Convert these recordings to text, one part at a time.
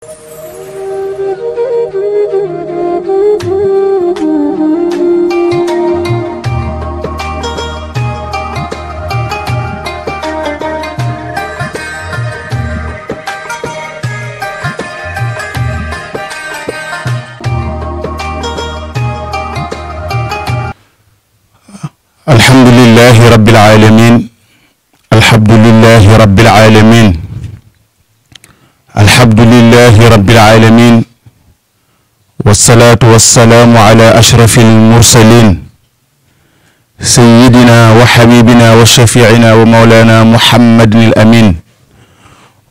الحمد لله رب العالمين الحمد لله رب العالمين الحمد لله رب العالمين والصلاة والسلام على أشرف المرسلين سيدنا وحبيبنا وشفيعنا ومولانا محمد الأمين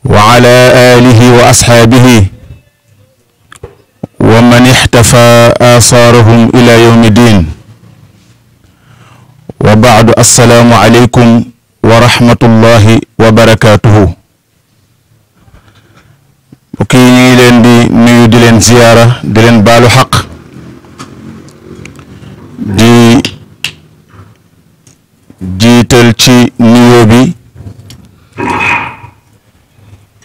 وعلى آله وأصحابه ومن احتفى آثارهم إلى يوم الدين وبعد السلام عليكم ورحمة الله وبركاته mbokk yi ngi leen di nuyu di leen ziyaara di leen baalu xaq di jiital ci nuyoo bi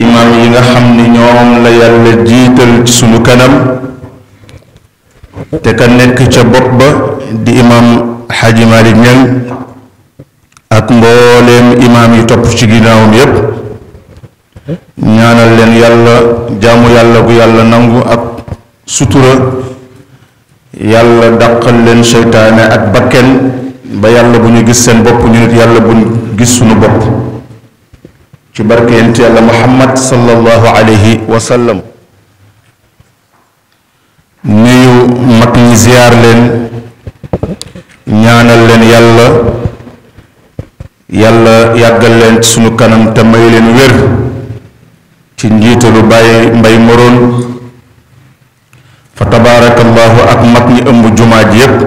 imaam yi nga xam ni ñoom la yàlla jiital suñu kanam te ka nekk ca bopp ba di imaam Xaaji Malik ak mbooleem imaam yi topp ci ginnaawam yépp ñaanal leen yàlla jaamu yàlla bu yàlla nangu ak sutura yàlla dàqal leen seytaane ak bakken ba yàlla bu ñu gis seen bopp ñu nit yàlla bu ñu gis sunu bopp ci barke yent yàlla muhammad sallallahu alayhi wa sallam nuyu mag ñi ziyaar leen ñaanal leen yàlla yàlla yàggal leen sunu kanam te may leen wér ci njiitalu bàyyi mbay moroon fa tabaarakallaahu ak mag ñi ëmb jumaa ji yépp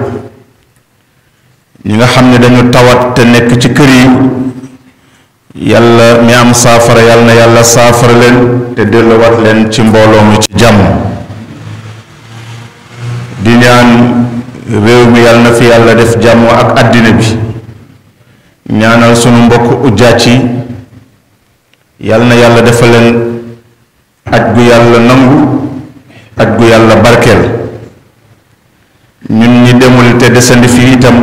ñi nga xam ne dañu tawat te nekk ci kër yi yàlla mi am saafara yàlla na yàlla saafara leen te delluwaat leen ci mbooloo mi ci jàmm di ñaan réew mi yàlla na fi yàlla def jàmm ak àddina bi ñaanal sunu mbokk ujjaac yi yàlla na yàlla defal ak gu yàlla nangu ak gu yàlla barkeel ñun ñi demul te desandi fii itam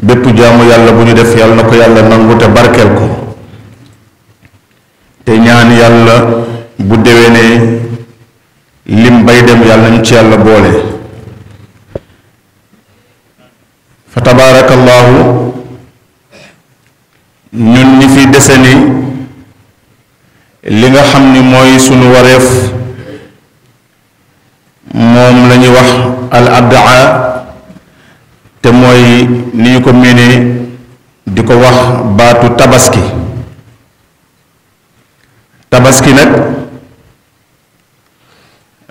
bépp jaamu yàlla bu ñu def yàlla na ko yàlla nangu te barkeel ko te ñaan yàlla bu déwénee lim bay dem yàlla ñu ci yàlla boole fa tabaarakallaahu ñun ñi fi desandi li nga xam ni mooy sunu wareef moom lañuy wax al addaa te mooy ni ñu ko miinee di ko wax baatu tabaski tabaski nag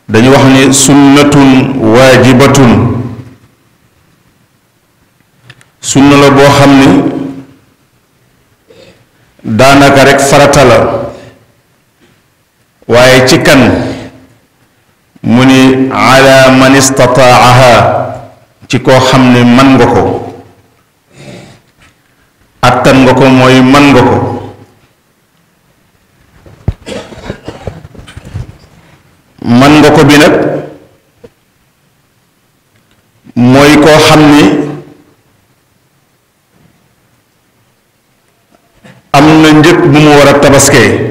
dañu wax ni sunnatun waajibatun sunna la boo xam ni daanaka rekk farata waaye ci kan mu ni ala man istataaha ci koo xam ne man nga ko attan nga ko mooy man nga ko man nga ko bi nag mooy koo xam ni am na njëg bu mu war a tabaskee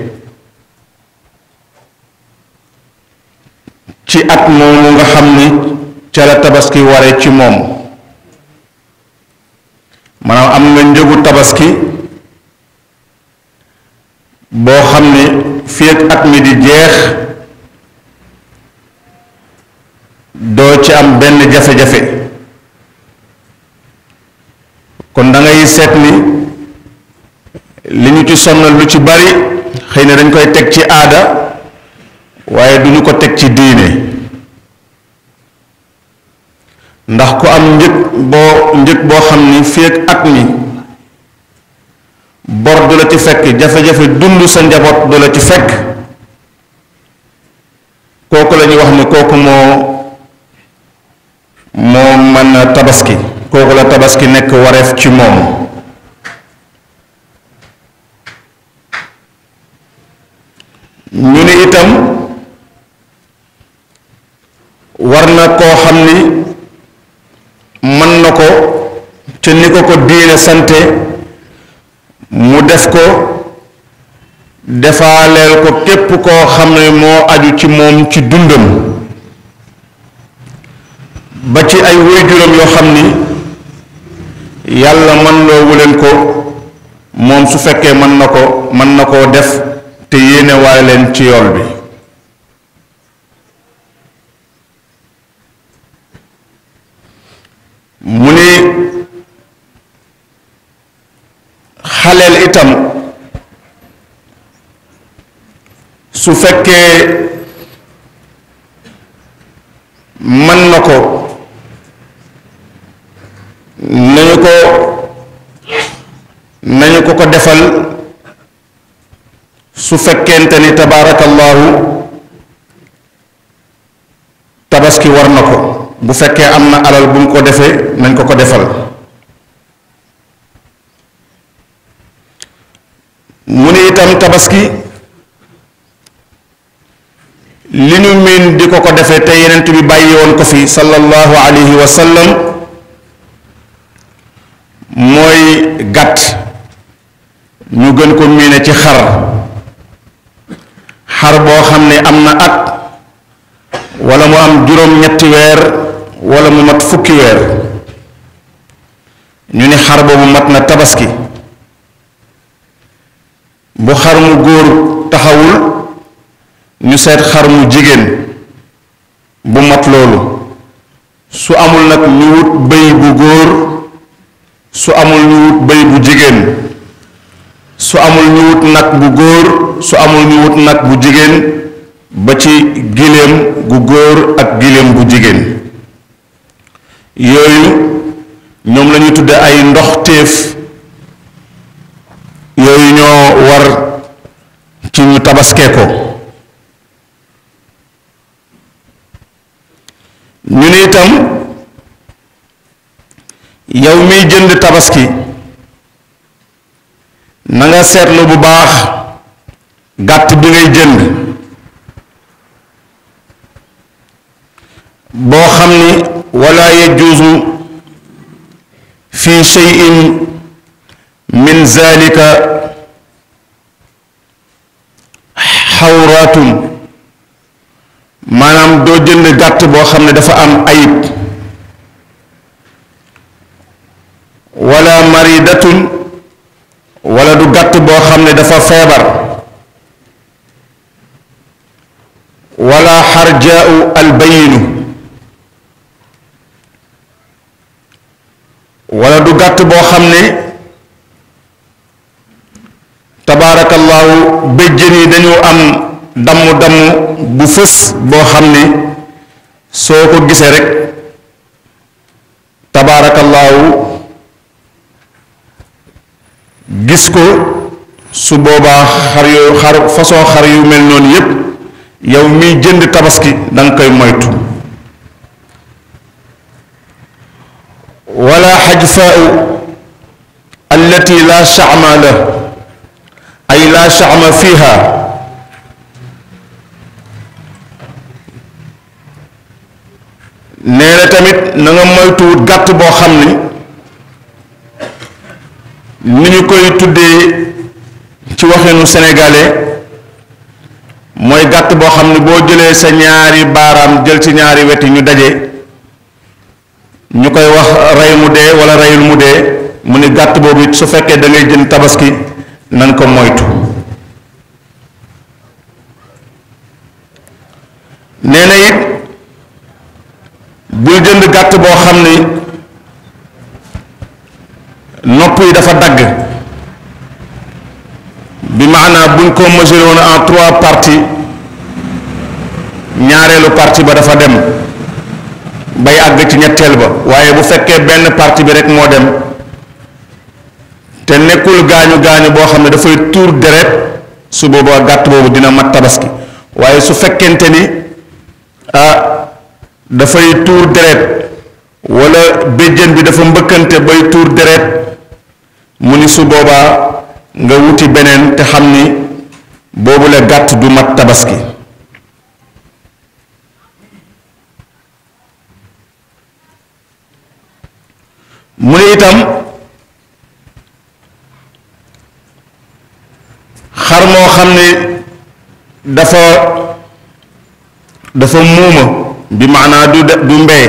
ci at moomu nga xam ni ca tabaski ware ci moom maanaam am nga njëgu tabaski boo xam ni fii at mi di jeex doo ci am benn jafe-jafe kon dangay seet ni li ñu ci sonnal lu ci bari xëy na dañ koy teg ci aada waaye du ñu ko teg ci diine ndax ku am njëg boo njëg boo xam ni féeg at bor du la ci fekk jafe-jafe dund sa njaboot du la ci fekk kooku la ñuy wax ni kooku moo moo mën tabaski kooku la tabaski nekk wareef ci moom ñu ni itam war na koo ci ni ko ko diine sante mu def ko defaaleel ko képp koo xam ne moo aju ci moom ci dundam ba ci ay waajuram yoo xam ni yàlla mën loowu leen ko moom su fekkee mën na ko mën na koo def te yéene leen ci yool bi mu xaleel itam su fekkee mën na ko nañu ko nañu ko ko defal su fekkente ni tabaarakallaahu tabaski war na ko bu fekkee am na alal bu mu ko defee nañ ko ko defal tabaski li ñu miin di ko ko defee te yenent bi bàyyi woon ko fi sallallahu alayhi wa sallam mooy gàtt ñu gën ko miine ci xar xar boo xam ne am na at walla mu am juróom-ñetti weer walla mu mat fukki weer ñu ni xar boobu mat na tabaski bu xar mu góor taxawul ñu seet xar mu jigéen bu mat loolu su amul nag ñu wut bëy bu góor su amul ñu wut bëy bu jigéen su amul ñu wut nag bu góor su amul ñu wut nag bu jigéen ba ci giléem gu góor ak giléem bu jigéen yooyu ñoom lañuy tudde ay ndox téef yooyu ñoo war ci ñu tabaskee ko ñu ni itam yow miy jënd tabaski na seetlu bu baax gàtt bi ngay jënd boo xam ni wala yajuusu fi shay'in min zalika xawraatun maanaam doo jënd gàtt boo xam ne dafa am ayib wala maridatun wala du gàtt boo xam ne dafa feebar wala xarjaau albayinu wala du gàtt boo xam ne ginnaaw béjjën yi dañu am damm-damm bu fës boo xam ne soo ko gisee rek tabaarakallaahu gis ko su boobaa xar yooyu xar façon xar yu mel noonu yépp yow mi jënd tabaski da koy moytu wala xajfaau allati la chaama la ay laa sha'ma fiha nee tamit nanga nga moytuwut gàtt boo xam ne ni ñu koy tuddee ci waxinu sénégalais mooy gàtt boo xam ne boo jëlee sa ñaari baaraam jël ci ñaari weti ñu daje ñu koy wax rey mu dee wala reyul mu dee mu ne gàtt boobu su fekkee dangay jën tabaski nan ko moytu neena na it bul jënd gàtt boo xam ni nopp yi dafa dagg bi maanaa buñ ko mesuré woon en trois parties ñaareelu partie ba dafa dem bay àgg ci ñetteel ba waaye bu fekkee benn partie bi rek moo dem te nekkul gaañu gaañu boo xam ne dafay tuur deret su boobaa gàtt boobu dina mat tabaski waaye su fekkente ni ah dafay tuur deret wala béjjën bi dafa mbëkkante bay tuur deret mu ni su boobaa nga wuti beneen te xam ni boobu la gàtt du mat tabaski mu ne itam xam ne dafa dafa muuma bi maanaa du du mbey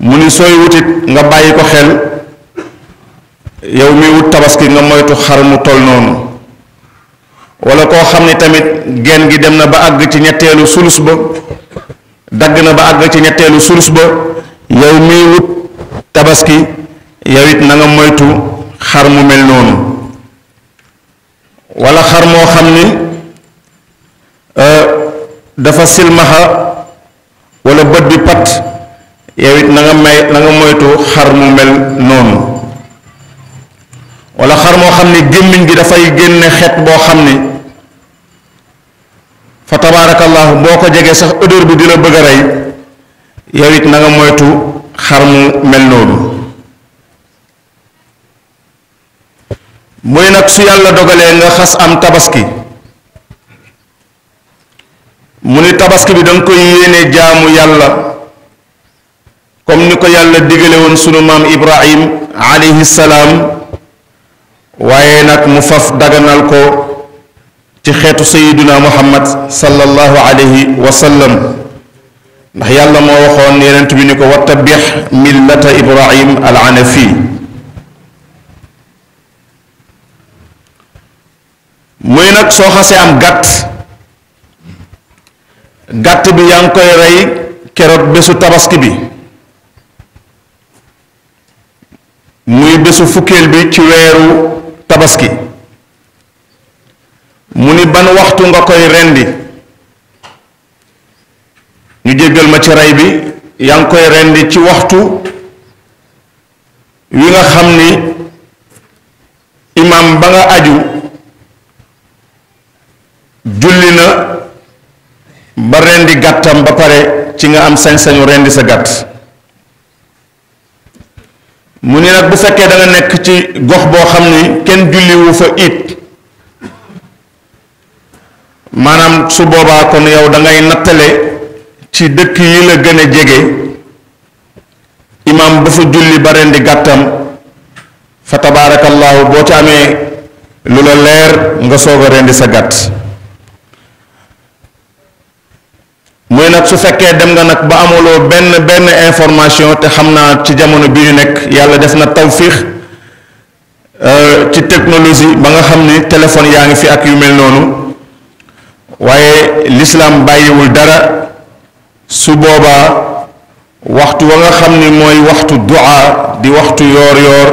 mu ni sooy wutit nga bàyyi ko xel yow mi wut tabaski nga moytu xar mu tol noonu wala koo xam tamit gen gi dem na ba àgg ci ñetteelu sulus ba dagg na ba àgg ci ñetteelu sulus ba yow mi wut tabaski yow it na nga moytu xar mel noonu moo xam ni euh, dafa silmaxa wala bët bi pat yow it na nga may na moytu xar mu mel noonu wala xar moo xam ni gémmiñ gi dafay génne xet boo xam ni fa tabaarakallahu boo ko jegee sax odeur bi di la bëgg a rey yow it na moytu xar mu mel noonu mu nag su yàlla dogalee nga xas am tabaski mu ni tabaski bi danga koy yéene jaamu yàlla comme ni ko yàlla digale woon sunu maam ibrahim alayhi salaam waaye nag mu faf daganal ko ci xeetu sayiduna muhammad sallallahu alayhi wa sallam ndax yàlla moo waxoon yonent bi ni ko wattabi millata ibrahim al hanafi muy nag soo xasee am gàtt gàtt bi yaa ngi koy rey keroog bésu tabaski bi muy bésu fukkeel bi ci weeru tabaski mu ni ban waxtu nga koy rendi ñu jéggal ma ci rey bi yaa ngi koy rendi ci waxtu wi nga xam ni imaam ba nga aju julli na ba rendi gàttam ba pare ci nga am sañ-sañu rendi sa gàtt mu ni nag bu fekkee da nekk ci gox boo xam ni kenn julliwu fa it maanaam su boobaa kon yow dangay nattale ci dëkk yi la gën a jege imam ba fa julli ba rendi gàttam fa tabaarakallaahu boo ci amee lu la leer nga soog a rendi sa gàtt muy nag su fekkee dem nga nag ba amuloo benn benn information te xam naa ci jamono bi ñu nekk yàlla def na tawfiix euh, ci technologie ba nga xam ni téléphone yaa ngi fi ak yu mel noonu waaye lislaam bàyyiwul dara su boobaa waxtu wa nga xam ni mooy waxtu du'a di waxtu yoor yoor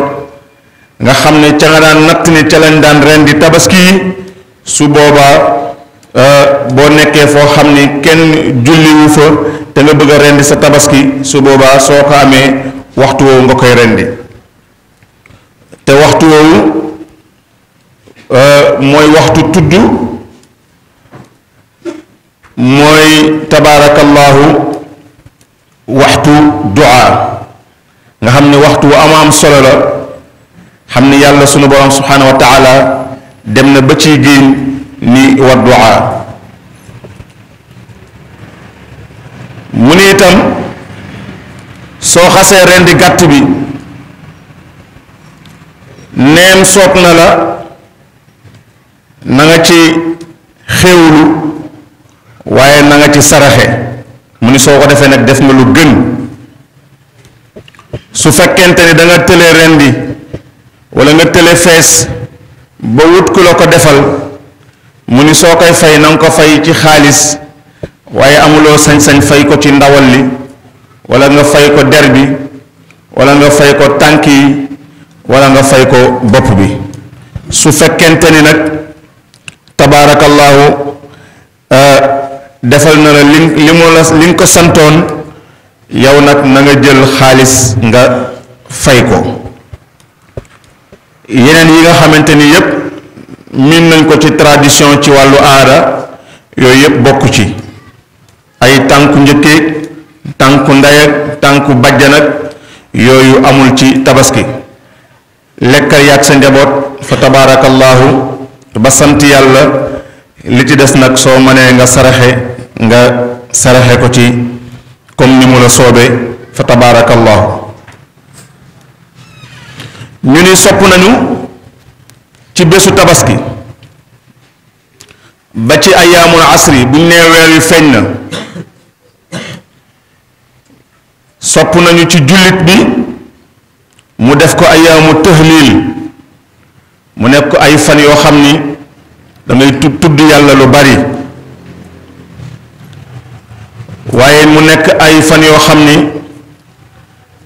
nga xam ne ca nga daan natt ni ca lañ daan ren di tabaski su boobaa Euh, boo nekkee foo xam ni kenn julliwu fa te nga bëgg a rendi sa tabaski su boobaa soo ko amee waxtu woowu nga koy rendi te waxtu woowu euh, mooy waxtu tudd mooy tabaarakallahu waxtu du'a nga xam ne waxtu wu am am solo la xam ne yàlla sunu borom subhanahu wa dem na ba ciy giiñ li wa mu ne itam soo xasee ren di gàtt bi neen soob na la na nga ci xéwlu waaye na nga ci saraxe mu ni soo ko defee nag def ma lu gën su fekkente ni danga tële tëlee ren di wala nga tële fees ba wut ku la ko defal mu ni soo koy fay nanga ko fay ci xaalis waaye amuloo sañ-sañ fay ko ci ndawal li walla nga fay ko der bi walla nga fay ko tànk yi wala nga fay ko bopp bi su fekkente ni nag tabaarakallaahu euh, defal na la li li mu la li nga ko santoon yow nag na nga jël xaalis nga fay ko yeneen yi nga xamante ni yépp miin nañ ko ci tradition ci wàllu aada yooyu yëpp bokk ci ay tànku njëkkeeg tànku ndey tànku bajjan ak yooyu amul ci tabaski lekkal yaag sa njaboot fa tabaarakallaahu ba sant yàlla li ci des nag soo mënee nga saraxe nga saraxe ko ci comme ni mu la soobe fa tabaarakallaahu ñu ni sopp nañu ci bésu tabaski ba ci ayaamul asri buñ nee weer wi feeñ na sopp nañu ci jullit bi mu def ko ayaamu tahlil mu nekk ko ay fan yoo xam ni dangay tudd yàlla lu bari waaye mu nekk ay fan yoo xam ni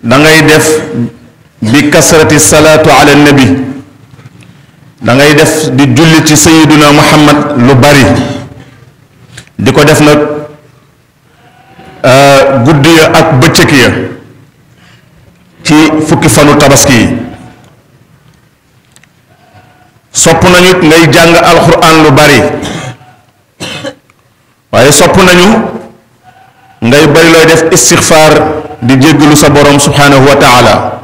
dangay def bi kasrati salaatu ala nabi da ngay def di julli ci sayiduna muhammad lu bari di ko def nag euh, guddi ya ak bëccëg ya ci fukki fanu tabaski yi sopp nañu ngay jàng alxuraan lu bari waaye sopp nañu ngay bari looy def istixfaar di jéggalu sa borom subhanahu wa taala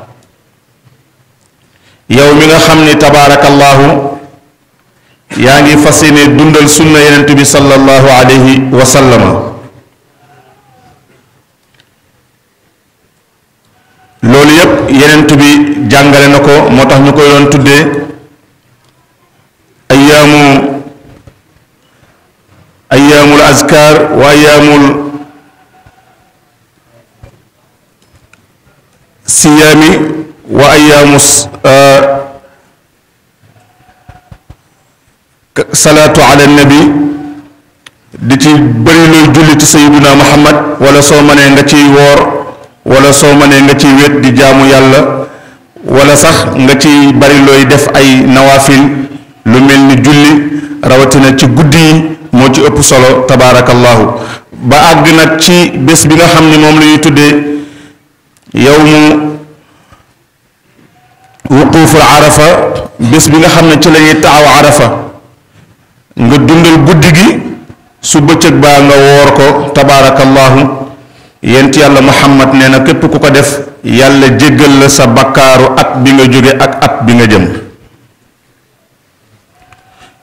yow mi nga xam ni tabaarakallaahu yaa ngi fas yéene dundal sunna yenent bi sallallahu alayhi wa loolu yépp yenent bi jàngale na ko moo tax ñu koy doon tuddee ayaamu ayaamul azkar wa ayaamul siyaami wa ayaamu salaatu ala nabi di ci bari looy julli ci sayiduna muhammad wala soo manee nga ciy woor wala soo manee nga ciy wéet di jaamu yàlla wala sax nga ciy bari looy def ay nawaafil lu mel ni julli rawatina ci guddi yi moo ci ëpp solo tabaarakallahu ba àgg nag ci bés bi nga xam ni moom la ñuy tuddee yawmu wuquuful arafa bés bi nga xam ne ci la ñuy taxaw nga dundal guddi gi su bëccëg ba nga woor ko tabarakallahu yent yàlla muhammad nee na képp ku ko def yàlla jéggal la sa bakkaaru at bi nga jóge ak at bi nga jëm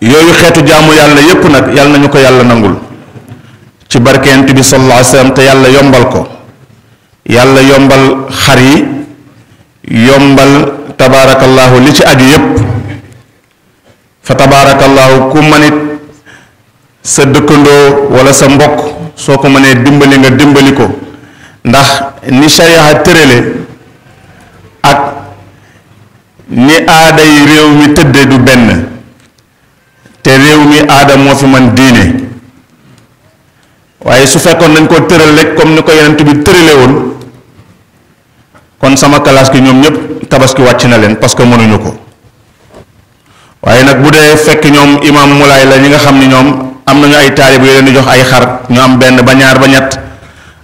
yooyu xeetu jaamu yàlla yépp nag yàlla nañu ko yàlla nangul ci yent bi sallallahu alayhi wasallam te yàlla yombal ko yàlla yombal xar yombal tabarakallahu li ci aju yépp fa ku manit sa dëkkandoo wala sa mbokk soo ko mënee dimbali nga dimbali ko ndax ni sariya tërale ak ni aada yi réew mi tëdde du benn te réew mi aada moo fi man diine waaye su fekkoon dañ koo tëral rek comme ni ko yonent bi tërale woon kon sama classe gi ñoom ñëpp tabaski wàcc na leen parce que mënuñu ko waaye nag bu dee fekk ñoom imam mulaay la ñi nga xam ni ñoom am nañu ay talib yu leen di jox ay xar ñu am benn ba ñaar ba ñett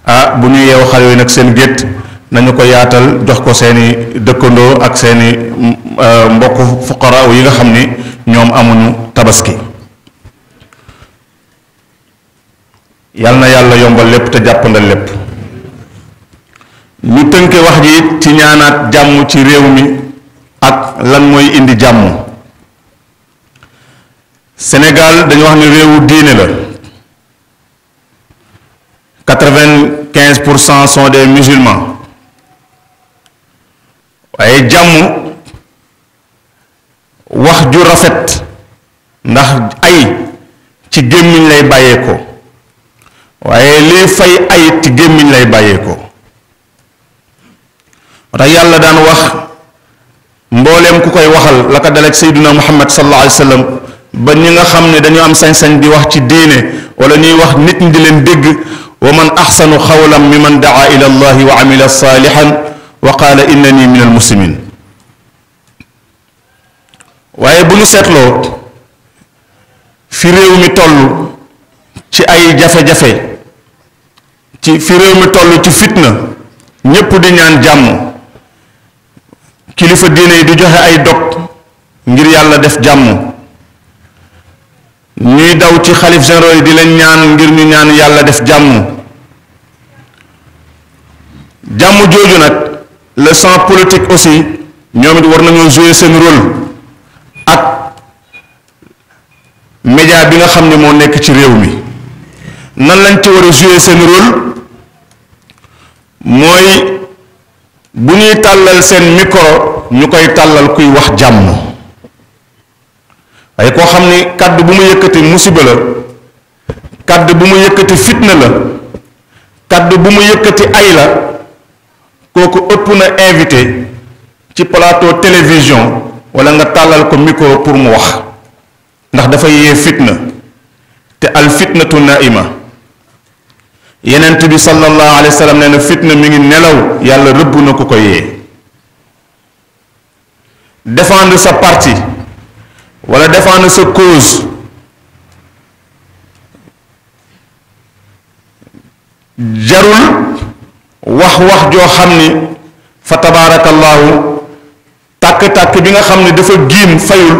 ah bu ñu yew xar yooyu nak seen gette nañu ko yaatal jox ko seeni dekkondo ak seeni mm, ah, mbokk fuqara yi nga xamni ñom amuñu tabaski yal na yalla yombal lepp te jàppandal lepp ñu tënke wax ji ci ñaanaat jamm ci réew mi ak lan moy indi jamu. senegal dañu wax ne réewu diine la quatre-vingt-quinze pour cent sont des musulmans waaye jàmm wax ju rafet ndax ay ci gémmiñ lay bàyyeekoo waaye lii fay ay ci gémmiñ lay bàyyeekoo moo tax yàlla daan wax mbooleem ku koy waxal la ko daleeg Seydina Muhammad sallallahu alayhi wa ba ñi nga xam ne dañu am sañsañ sañ di wax ci diine wala ñuy wax nit ñi di leen dégg wa man axsanu xawla mi man daa ila allahi wa amila saalixan wa qaala innani min al muslimin waaye bu ñu seetloo fi réew mi toll ci ay jafe-jafe ci fi réew mi toll ci fitna ñépp di ñaan jàmm kilifa diine yi di joxe ay dog ngir yàlla def jàmm ñuy daw ci xalif généraux yi di leen ñaan ngir ñu ñaan yàlla def jàmm jàmm jooju nag le champ politique aussi ñoom war nañoo jouer seen rôle ak média bi nga xam ne moo nekk ci réew mi nan lañ ci war a jouer seen rôle mooy bu ñuy tàllal seen micro ñu koy tàllal kuy wax jàmm waaye koo xam ni kàdd bu mu yëkkati musiba la kàddu bu mu yëkkati fitna la kàddu bu mu yëkkati ay kooku ëpp na invité ci plateau télévision wala nga tàllal ko micro pour mu wax ndax dafa yee fitna te al fitnatu naima yenent bi sallallahu alayhi wa sallam na fitna mi ngi nelaw yàlla rëbb na ku ko yee défendre sa parti walla défendre sa cause jarul wax-wax joo xam ni fa tabaarakallaahu tàkk-tàkk bi nga xam ne dafa giim fayul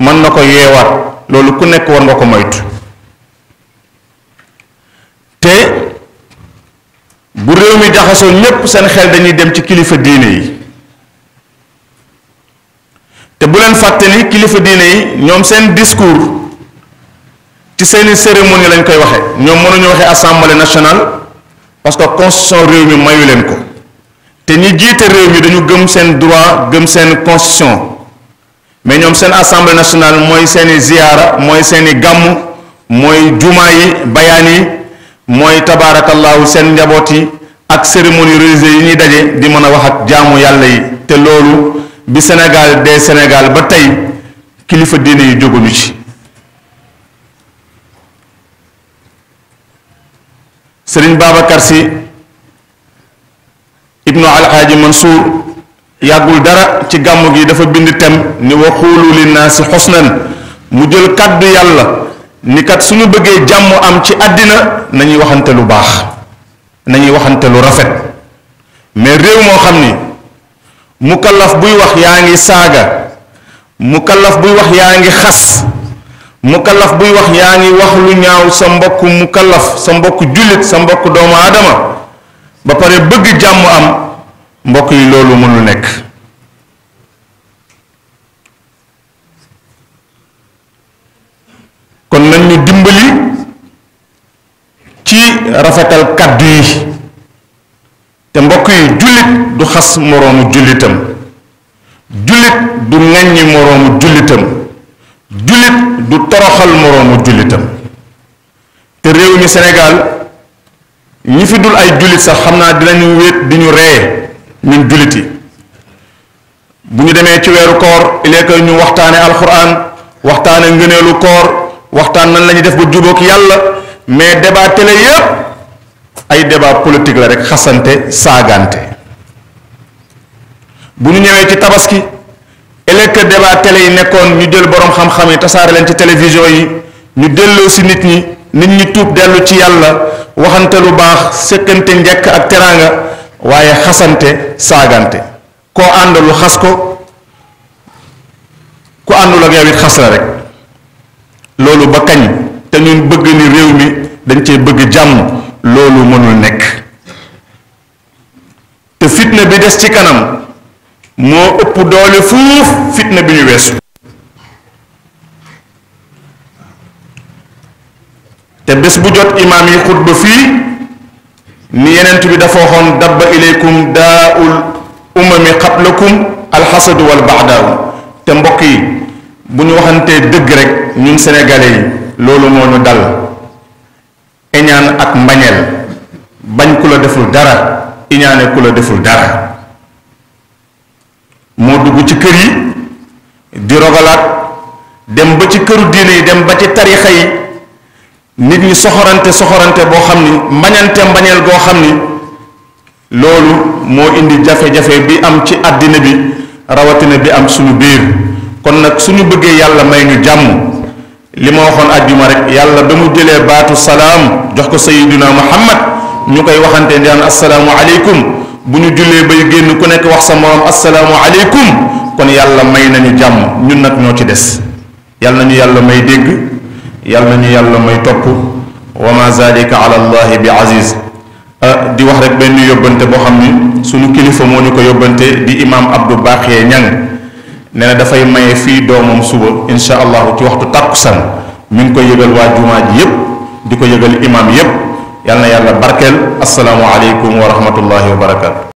mën na ko yeewaat loolu ku nekk war nga ko moytu te bu réew mi jaxasoo ñépp seen xel dañuy dem ci kilifa diine yi te bu leen fàtte ni kilifa diine yi ñoom seen discours ci seeni cérémonie lañu koy waxee ñoom mënuñu waxee assemblée nationale parce que constitution réew mi mayu leen ko te ñi jiite réew mi dañu gëm seen droit gëm seen constitution mais ñoom seen assemblée nationale mooy seeni ziyaara mooy seeni gàmm mooy jumaa yi bayaan yi mooy tabaarakallaahu seen njaboot yi ak cérémonie religieuse yi ñuy daje di mën a wax ak jaamu yàlla yi te loolu bi Sénégal dee Sénégal ba tey kilifa diine yi jóguñu ci sëriñ Babacar Sy ibnu alxaaji Mansour yàggul dara ci gàmmu gi dafa bind tem ni wa xuulu linnaasi xusnan mu jël kàddu yàlla ni kat suñu bëggee jàmm am ci àddina ñuy waxante lu baax nañuy waxante lu rafet mais réew moo xam ni mukallaf buy wax yaa ngi saaga mukallaf buy wax yaa ngi xas mukallaf buy wax yaa ngi wax lu ñaaw sa mbokk mukallaf sa mbokk jullit sa mbokk doomu aadama ba pare bëgg jàmm am mbokk yi loolu mënul nekk kon nañ ñu dimbali ci rafetal kàddu yi te mbokk yi jullit du xas moroomu jullitam jullit du ŋaññi moroomu jullitam jullit du toroxal moroomu jullitam te réew mi Sénégal ñi fi dul ay jullit sax xam naa dinañu wéet di ñu reye ñun jullit yi bu ñu demee ci weeru koor il ñu waxtaane alxuraan waxtaane ngëneelu koor waxtaan nan la def ba jubóog yàlla mais débat télé yépp ay débat politique la rek xasante saagante bu ñu ñëwee ci tabaski ëllëg débat tele yi nekkoon ñu jël boroom xam-xam yi tasaare leen ci télévision yi ñu delloo si nit ñi nit ñi tuub dellu ci yàlla waxante lu baax sëkkante njekk ak teraanga waaye xasante saagante koo àndalu xas ko ku àndul ak yow xas la rek loolu ba kañ te ñun bëgg ni réew mi dañ cee bëgg jàmm loolu mënul nekk te fitna bi des ci kanam moo ëpp doole fuuf fitna bi ñu weesu te bés bu jot imaam yi xutba fii ni yenent bi dafa waxoon dabba ilaykum daa ul umami xablakum alxasadu wal baadaaw te mbokk yi bu ñu waxantee dëgg rek ñun sénégalais yi loolu noonu dal iñaan ak mbañeel bañ ku la deful dara iñaane ku la deful dara moo dugg ci kër yi di rogalaat dem ba ci këru diine yi dem ba ci tariixa yi nit ñi soxorante soxorante boo xam ni mbañante mbañeel goo xam ni indi jafe-jafe bi am ci àddina bi rawatina bi am suñu biir kon nag suñu bëggee yàlla may ñu jàmm li ma waxoon àjjuma rek yàlla ba mu jëlee baatu salaam jox ko sayiduna muhammad ñu koy waxante daan asalaamu aleykum bu ñu jullee bay génn ku nekk wax sa morom asalaamu aleykum kon yàlla may nañu jàmm ñun nag ñoo ci des yàlla nañu yàlla may dégg yàlla nañu yàlla may topp wa ma zalika ala allahi bi aziz di wax rek benn yóbbante boo xam ni suñu kilifa moo ñu ko yóbbante di imam abdou baaxee ñang nee na dafay maye fii doomam suba incha allahu ci waxtu tàkkusan mi ngi koy yëgal waa jumaa ji yëpp di ko yëgal imaam yëpp yal na yàlla barkeel asalaamualeykum wa rahmatullahi wa barakaatu.